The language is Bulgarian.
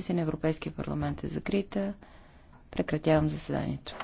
сесия на Европейския парламент е закрита. Прекратявам заседанието.